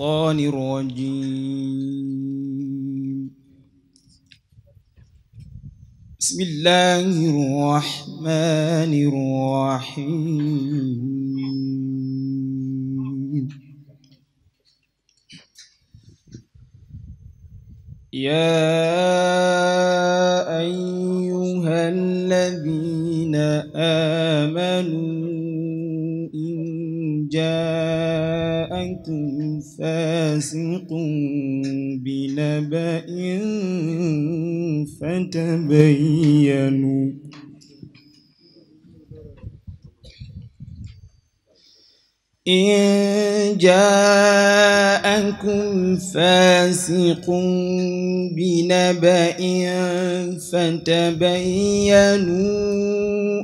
الشيطان الرجيم بسم الله الرحمن الرحيم يا أيها الذين آمنوا إن جاءكم فاسق بنبأ فتبينوا إن جاءكم فاسق بنبأ فتبينوا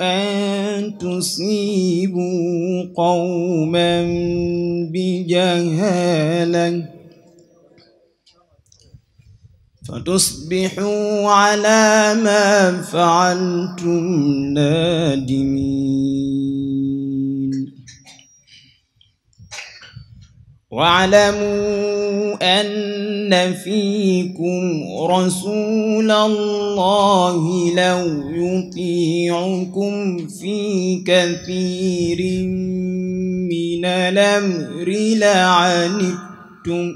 أن تصيبوا قوما بجهالة فتصبحوا على ما فعلتم نادمين واعلموا أن فيكم رسول الله لو يطيعكم في كثير من الأمر لعنتم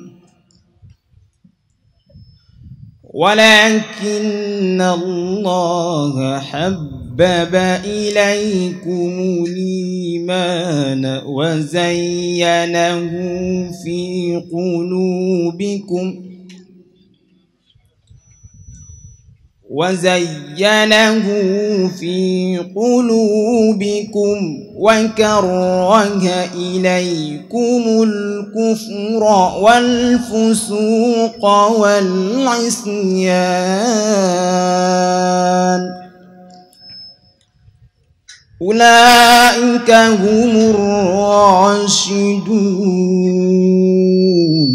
ولكن الله حب حبب إليكم الإيمان وزينه في قلوبكم وزينه في قلوبكم وكره إليكم الكفر والفسوق والعصيان أولئك هم الراشدون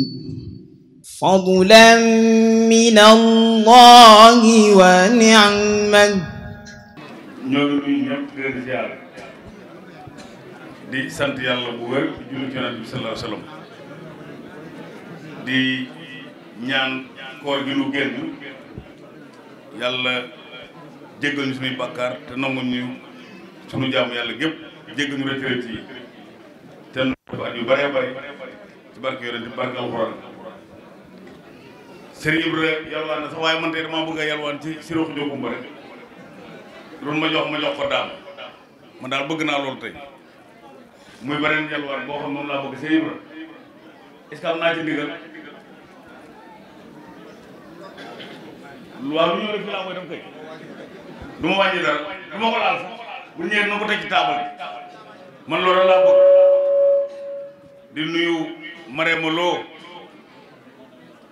فضلا من الله ونعمة ñoo ngi nuyu ñëpp di leen ziar di sant yàlla bu wér di julli ci yonent bi sallallahu alayhi wa sallam di ñaan koor gi lu génn yàlla jéggal ñu suñuy bàkkaar te nangu ñu sunu jaamu yàlla gépp jégg ñu retraite yi te nu at yu bëree bëri ci yalwaan na waaye man tey damaa bëgg a yalwaan ci siroxu jokumba rek loolu ma jox ma jox ko daam man daal bëgg naa loolu tey muy beneen yalwaan boo xam moom laa bëgg sëriñ Ibra est-ce que am naa ci lu ñëw rek laa koy dem kay du wàññi dara du ma ko bu ñëwee na ko teg ci taabal man loolu laa bëgg di nuyu Marème Lo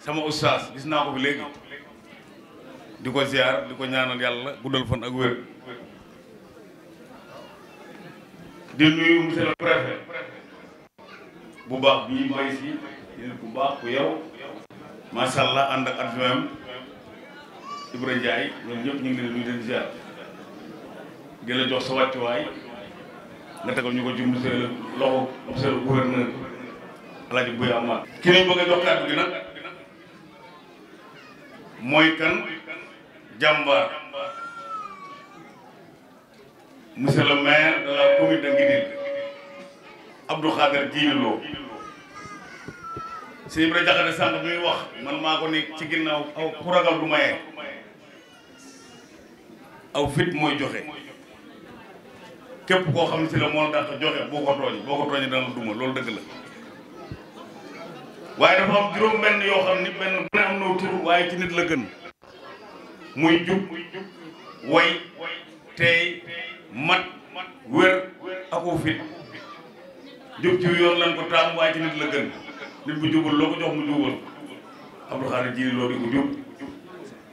sama ustaas gis naa ko fi léegi di ko ziar di ko ñaanal yàlla guddal fan ak wér di nuyu monsieur le bu baax bii may si yéen ku baax ku yow macha allah ànd ak adjoint Ibrahima Ndiaye ñëpp ñu leen di nuyu di di la jox sa wàccuwaay nga tegal ñu ko ci monsieur le loxo monsieur le gouverneur El Hadj Bouya Amar. ki ñu bëgg a jox kàddu gi nag mooy kan jàmbaar monsieur le maire de la commune de Nguinil Abdou Khader Djili Lo. sëñ Ibra Jaxate sànq muy wax man maa ko nekk ci ginnaaw aw ku ragal du maye aw fit mooy joxe. képp koo xam ne si la moo dàq joxe boo ko tooñee boo ko tooñee dana la duma loolu dëgg la waaye dafa am juróom benn yoo xam ni benn bu ne am na tur waaye ci nit la gën muy jub way tey mat wér aku fit jub ci yoon lan ko taam waaye ci nit la gën nit bu jubul loo ko jox mu jubal Abdou Khadre jii loo di ko jub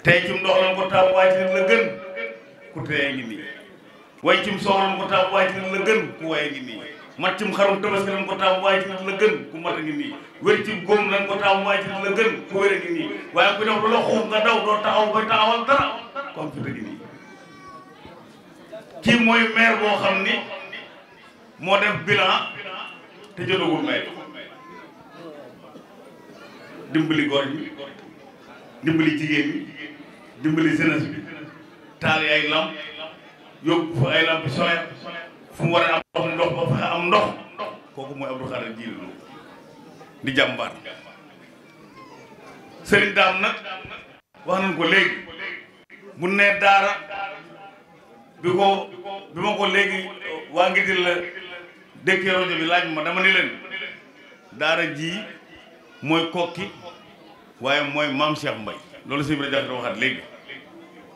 tey ci ndox lan ko taam waaye ci nit la gën ku teye ngi nii waaye cim soow la mu ko taam waaye ci nit la gën ku waaye ngi nii mat cim xarum tabaski la mu ko taam waaye ci la gën ku mat a ngi nii wér ci góom la mu ko taam waaye ci la gën ku wér a ngi nii waaye ku dox du la nga daw doo taxaw ba taxawal dara kon fi dëgg nii kii mooy maire boo xam ni moo def bilan te jotagul may dimbali góor dimbali jigéen ñi dimbali jeunesse bi taal yaay lam yóbbu fa ay lampi solaire fu mu war a am ndox ba fa am ndox kooku mooy Abdou Khadre Djily Lo di jàmbaar sëriñ daam nag wax nañ ko léegi bu nee daara bi ko bi ma ko léegi waa ngi di la dékkee bi laaj ma dama ni leen daara ji mooy kokki waaye mooy maam Cheikh Mbaye loolu si bi la jaxate waxaat léegi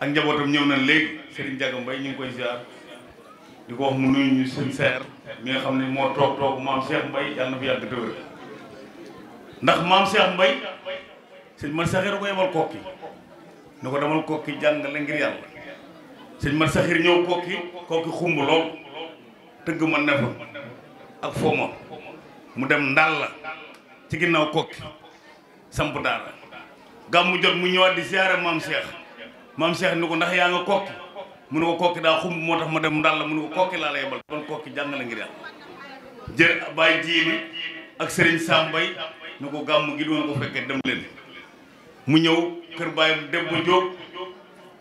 ak njabootam ñëw na léegi Serigne Ndiaga mbay ñu ngi koy ziar di ko wax mu nuyu ñu seen seer mi nga xam ne moo toog toog maam Cheikh mbay yàlla na fi yàgg sëñ man saxir ko yebal kokki ne ko demal kokki jàngale ngir yàlla sëñ man saxir ñëw kokki kokki xumb lool tëgg ma ne fa ak fooma mu dem ndàll la ci ginnaaw kokki samp daara gàmmu jot mu ñëwaat di siyaare maam Cheikh maam Cheikh ni ko ndax yaa nga kokki mu ne ko kokki daa xumb moo tax ma dem ndàll mu ne ko kokki laa la yebal kon kokki jàngale ngir yàlla jër Baye Jiili ak Serigne Sambay ni ko gàmm gi doon ko fekkee dem leen mu ñëw kër Baye Demba Diop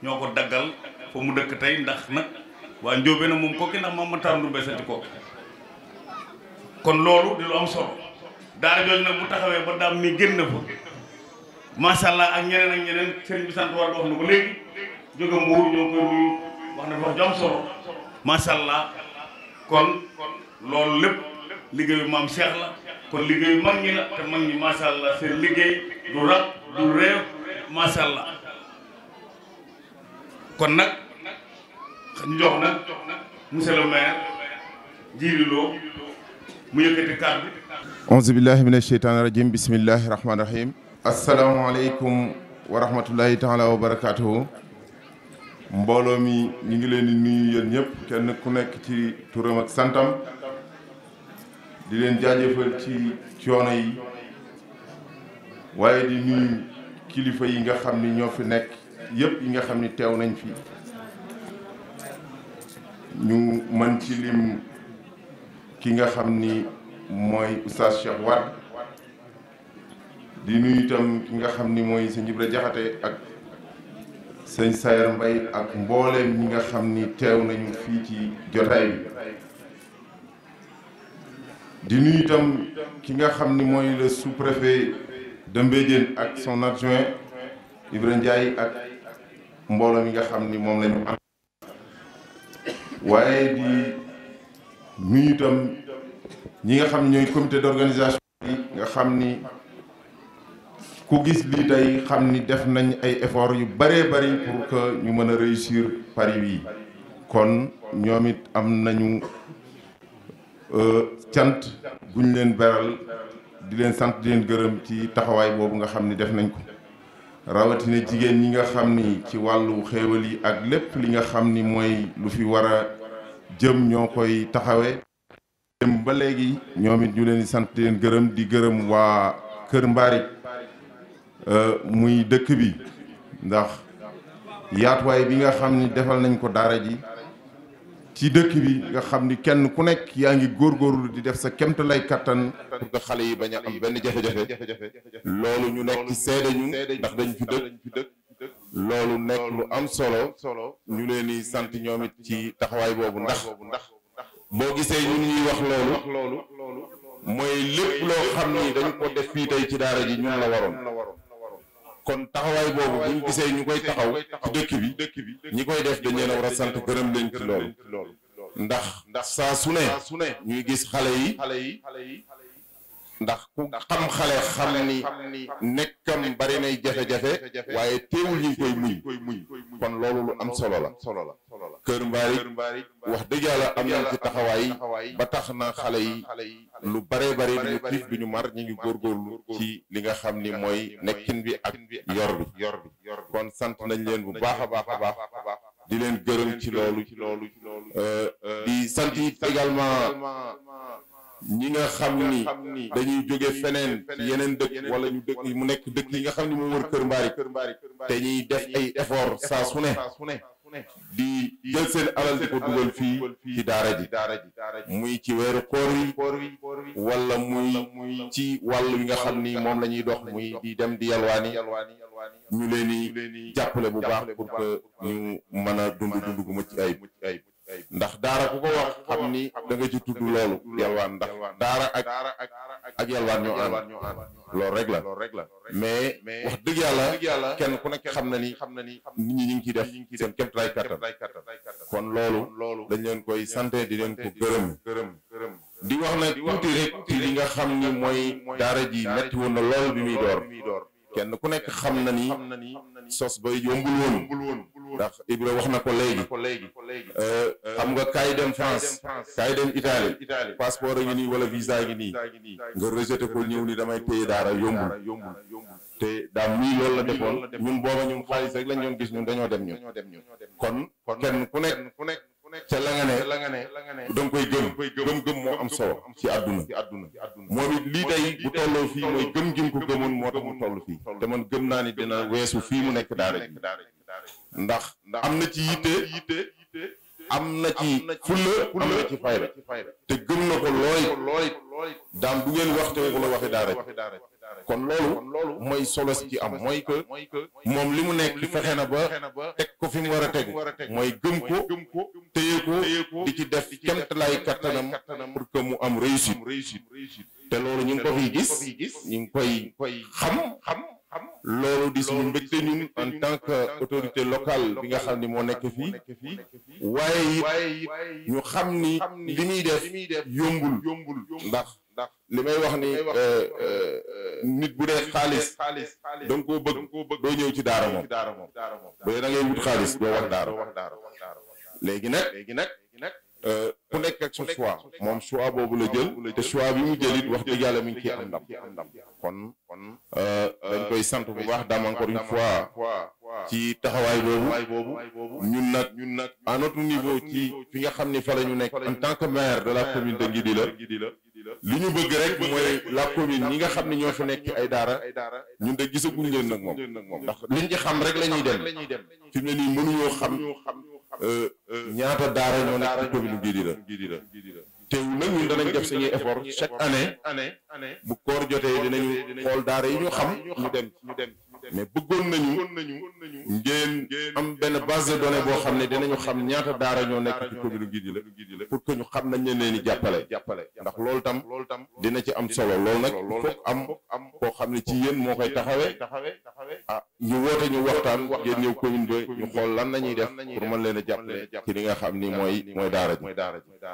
ñoo ko daggal fa mu dëkk tey ndax nag waa Ndiobé na moom kokki ndax maam ma tàndu besanti kokki kon loolu di lu am solo daara jooju nag bu taxawee ba daam mi génn fa macha allah ak ñeneen ak ñeneen sëriñ bi sant war wax na ko léegi jóge Mbuur ñoo koy nuyu wax na wax jom solo macha kon loolu lépp liggéeyu maam Cheikh la kon liggéeyu mag ñi la te mag ñi macha seen liggéey du rab du réew macha kon nag ñu jox nag monsieur le maire mu yëkkati kàddu bi. billahi mina sheytaani rajim bismillahi rahmaani rahim. asalaamaaleykum wa rahmatullahi taala wa barakaatuhu mbooloo mi ñu ngi leen di nuyu yéen ñëpp kenn ku nekk ci turam ak santam di leen jaajëfal ci coono yi waaye di nuyu kilifa yi nga xam ni ñoo fi nekk yëpp yi nga xam ni teew nañ fii ñu mën ci lim ki nga xam ni mooy oustaz Cheikh Wade di nuyu ki nga xam ni mooy sëñ Ibra Jaxate ak sëñ Sayer Mbay ak mbooleem ñi nga xam ni teew nañu fii ci jotaay bi di nuyu ki nga xam ni mooy le sous-préfet de Mbédiène ak son adjoint Ibra Ndiaye ak mbooloo mi nga xam ni moom lañu am waaye di nuyu ñi nga xam ni ñooy comité d'organisation bi nga xam ni ku gis lii tey xam ni def nañ ay effort yu bëree bëri pour que ñu mën a réussir pari bi kon ñoom it am nañu euh, cant guñ leen beral di leen sant di gërëm ci taxawaay boobu nga xam ni def nañ ko rawatina jigéen ñi nga xam ni ci wàllu xéewal yi ak lépp li nga xam ni mooy lu fi war jëm ñoo koy taxawee dem ba léegi ñoom it ñu leen di sant di gërëm di gërëm waa Kër Mbaarik Euh, muy dëkk bi ndax yaatuwaay bi nga xam ni defal nañ ko daara ji ci dëkk bi nga xam ni kenn ku nekk yaa ngi góor góorgóorlu di def sa kemta lay kattan pour que xale yi bañ a am benn jafe-jafe loolu ñu nekk seede ñu ndax dañu fi dëkk loolu nekk lu am solo ñu leen di sant ñoom it ci taxawaay boobu ndax boo gisee ñun ñuy wax loolu mooy lépp loo xam ni dañ ko def fii tey ci daara ji ñun la waroon kon taxawaay boobu bu gisee ñu koy taxaw ci dëkk bi ñi koy def dañ leen a war a sant gërëm leen ci loolu ndax ndax saa su ne ñuy gis xale yi ndax ku xam xale xam ni nekkam bari nay jafe-jafe waaye teewul ñu koy muñ kon loolu lu am solo la. Kër Mbaarik wax dëgg yàlla am nañ ci taxawaay ba tax na xale yi lu bare bare duñu tiif duñu mar ñu ngi góorgóorlu ci li nga xam ni mooy nekkin bi ak yor bi kon sant nañ leen bu baax a baax a baax di leen gërëm ci loolu ci euh, loolu di sant it également ñi nga xam ni dañuy jóge feneen ci yeneen dëkk wala ñu dëkk mu nekk dëkk yi nga xam ni moom wër Kër Mbaarik te ñuy def ay effort saa su ne di jël seen alal di ko dugal fii ci daara ji muy ci weeru koor wi wala muy ci wàll wi nga xam ni moom lañuy ñuy dox muy di dem di yalwaani ñu leen di jàppale bu baax pour que ñu mën a dund dund gu mucc ayib ndax daara ku ko wax xam ni da nga ci tudd loolu yalwaan ndax daara ak ak yalwaan ñoo ànd loolu rek la mais wax dëgg yàlla kenn ku nekk xam na ni nit ñi ñu ngi ciy def seen kéem tolluwaay kattan kon loolu dañ leen koy santé di leen ko gërëm di wax na tuuti rek ci li nga xam ni mooy daara ji metti woon na lool bi muy door kenn ku nekk xam na ni sos bay yombul woon ndax Ibra wax na ko léegi euh, euh, xam nga kaay dem France kaay dem Italie passeport a ngi nii wala visa ngi nii nga rejeté ko ñëw ni damay téye daara yombul te daam mii loolu la defoon ñun booba ñun xaalis rek lañ doon gis ñun dañoo dem ñun kon kenn ku nekk ca la nga la nga ne da nga koy gëm gëm-gëm moo am solo ci àdduna moom it lii day bu tolloo fii mooy gëm gim ko gëmoon moo tax mu toll fii te man gëm naa ni dina weesu fii mu nekk daara ji ndax am na ci yitte am na ci fulla am na ci fayda te gëm na ko looy daam du ngeen waxte ko la waxe daara ji kon loolu mooy solos ci am mooy que moom li mu nekk li fexe na ba teg ko fi mu war a tegu mooy gëm ko téye ko di ci def kemt lay kattanam pour que mu am réussite te loolu ñu ngi ko fiy gis ñu ngi koy xam loolu di suñu mbégte ñun en tant que autorité locale bi nga xam ni moo nekk fii waaye it ñu xam ni li muy def yombul ndax ndax li may wax ni euh, euh, euh, nit bu dee xaalis da nga koo bëgg doo ñëw ci daara moom bu dee da ngay wut xaalis doo wax daara léegi nag léegi nag ku nekk ak sa choix moom choix boobu la jël te choix bi mu jëlit wax dëgg yàlla mi ngi ciy am ndam kon dañ koy sant bu baax daam encore une fois ci taxawaay boobu ñun nag ñun nag à notre niveau ci fi nga xam ni fa la ñu nekk en tant que maire de la commune de Nguidila li ñu bëgg rek mooy la commune ñi nga xam ne ñoo fi nekk ay daara ñun de gisaguñ leen nag moom ndax liñ ci xam rek la ñuy dem fi mu ne nii mënuñoo xam euh, ñaata daara ñoo nekk ci commune Guédira la te nag ñun danañ def suñuy effort chaque année bu koor jotee dinañu xool daara yi ñu xam ñu dem. mais bëggoon nañu ngeen am benn base de boo xam ne dinañu xam ñaata daara ñoo nekk ci commune Nguidilane pour que ñu xam nañ leen leen di jàppale ndax loolu tam dina ci am solo loolu nag foog am koo xam ne ci yéen moo koy taxawee ah ñu woote ñu waxtaan ngeen ñëw commune ba ñu xool lan nañuy def pour mën leen a jàppale ci li nga xam ni mooy mooy daara ji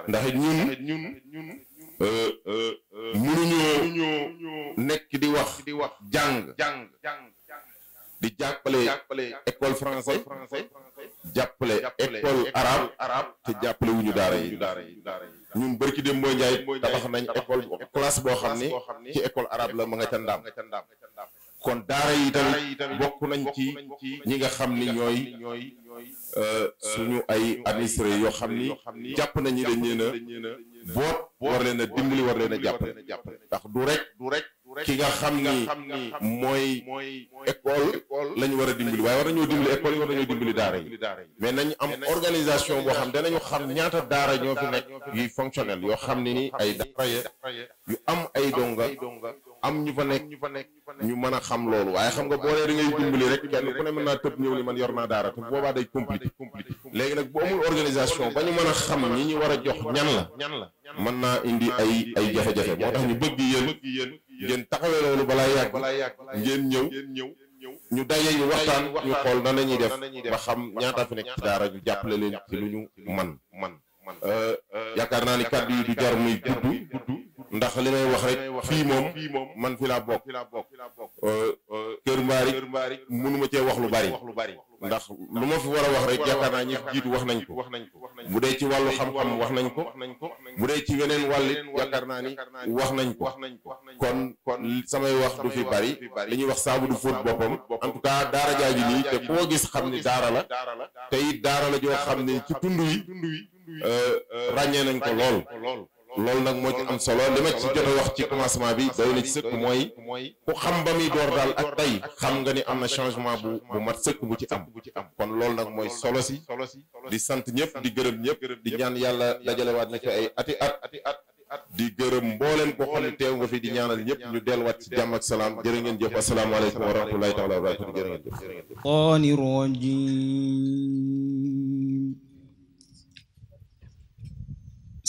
ndax ñun euh, euh, euh, mënuñoo nekk di wax jàng jàng di jàppale école français jàppale école arabe te jàppale wuñu daara yi ñun bërki dem mooy njaay tabax nañ école classe boo xam ne ci école arabe la ma nga ca ndaam kon daara yi tamit bokk nañ ci ñi nga xam ni ñooy euh, euh, suñu ay administré yoo xam ni jàpp nañu dañ leen a boot war leen a dimbali war leen a jàppale ndax du rek du rek ki nga xam ni mooy école lañu war a dimbali waaye war nañoo dimbali école yi war nañoo dimbali daara yi mais nañu am organisation boo xam danañu xam ñaata ni ay daara yu am ay donga am ñu fa nekk ñu mën a xam loolu waaye xam nga boo nee da ngay dimbali rek kenn ku ne mën naa tëb ñëw ni man yor naa daara te boobaa day compliqué léegi nag bu amul organisation ba ñu mën a xam ñi ñu war a jox ñan la mën naa indi ay ay jafe-jafe moo tax ñu bëgg yéen ngeen taxawee loolu balaa yàgg ngeen ñëw ñu daje ñu waxtaan ñu xool nan na ñuy def ba xam ñaata fi nekk ci daara ñu jàppale leen ci lu ñu man man euh, euh, yaakaar naa ni kàddu yi du jar muy gudd ndax li may wax rek fii moom man fi laa bokk euh, Kër Mbaarik mënuma cee wax lu bari ndax lu ma fi war wax rek yaakaar naa ñi jiitu wax nañ ko bu dee ci wàllu xam-xam wax nañ ko bu dee ci weneen wàll it yaakaar naa ni wax nañ ko kon kon samay wax du fi bari li ñuy wax saabu du fóot boppam en tout cas daara jaa ngi nii te koo gis xam ni daara la te it daara la joo xam ne ci tund yi euh, euh, ràññee nañ ko lool loolu nag moo ci am solo li ma ci jot a wax ci commencement bi doy na ci sëkk mooy ku xam ba muy door daal ak tey xam nga ni am na changement bu bu mat sëkk bu ci am kon loolu nag mooy solo si di sant ñëpp di gërëm ñëpp di ñaan yàlla dajalewaat na ci ay ati at di gërëm mbooleem koo xam teew nga fi di ñaanal ñëpp ñu delluwaat ci jàmm ak salaam jërë ngeen jëf asalaamaaleykum wa rahmatulahi taala wa barakatu jërë ngeen jëf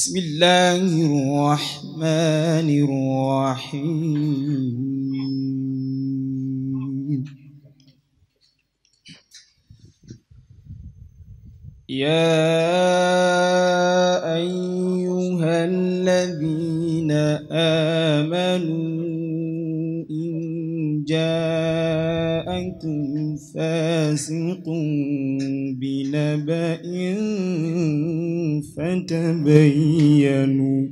bismillahi rahmani rahim yaa ayyuha alladina aamanu in jaakum fasiqun binaba'in تبينوا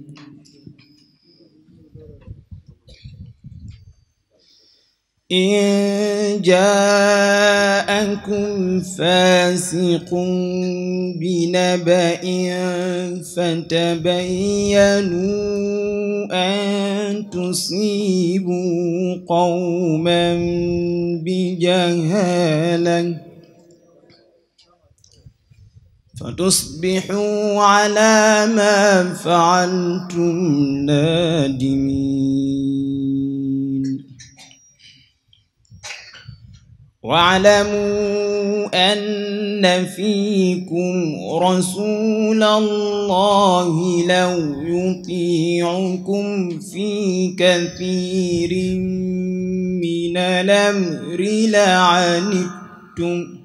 إن جاءكم فاسق بنبأ فتبينوا أن تصيبوا قوما بجهاله فتصبحوا على ما فعلتم نادمين واعلموا أن فيكم رسول الله لو يطيعكم في كثير من الأمر لعنتم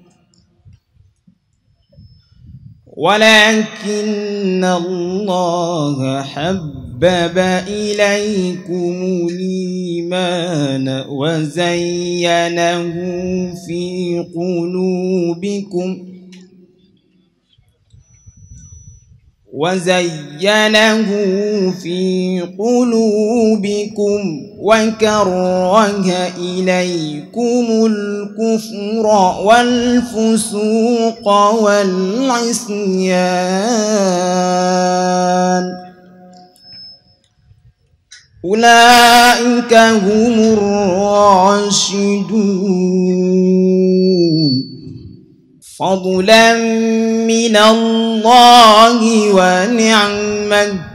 ولكن الله حبب إليكم الإيمان وزينه في قلوبكم وزينه في قلوبكم وكره إليكم الكفر والفسوق والعصيان أولئك هم الراشدون فضلا من الله ونعمه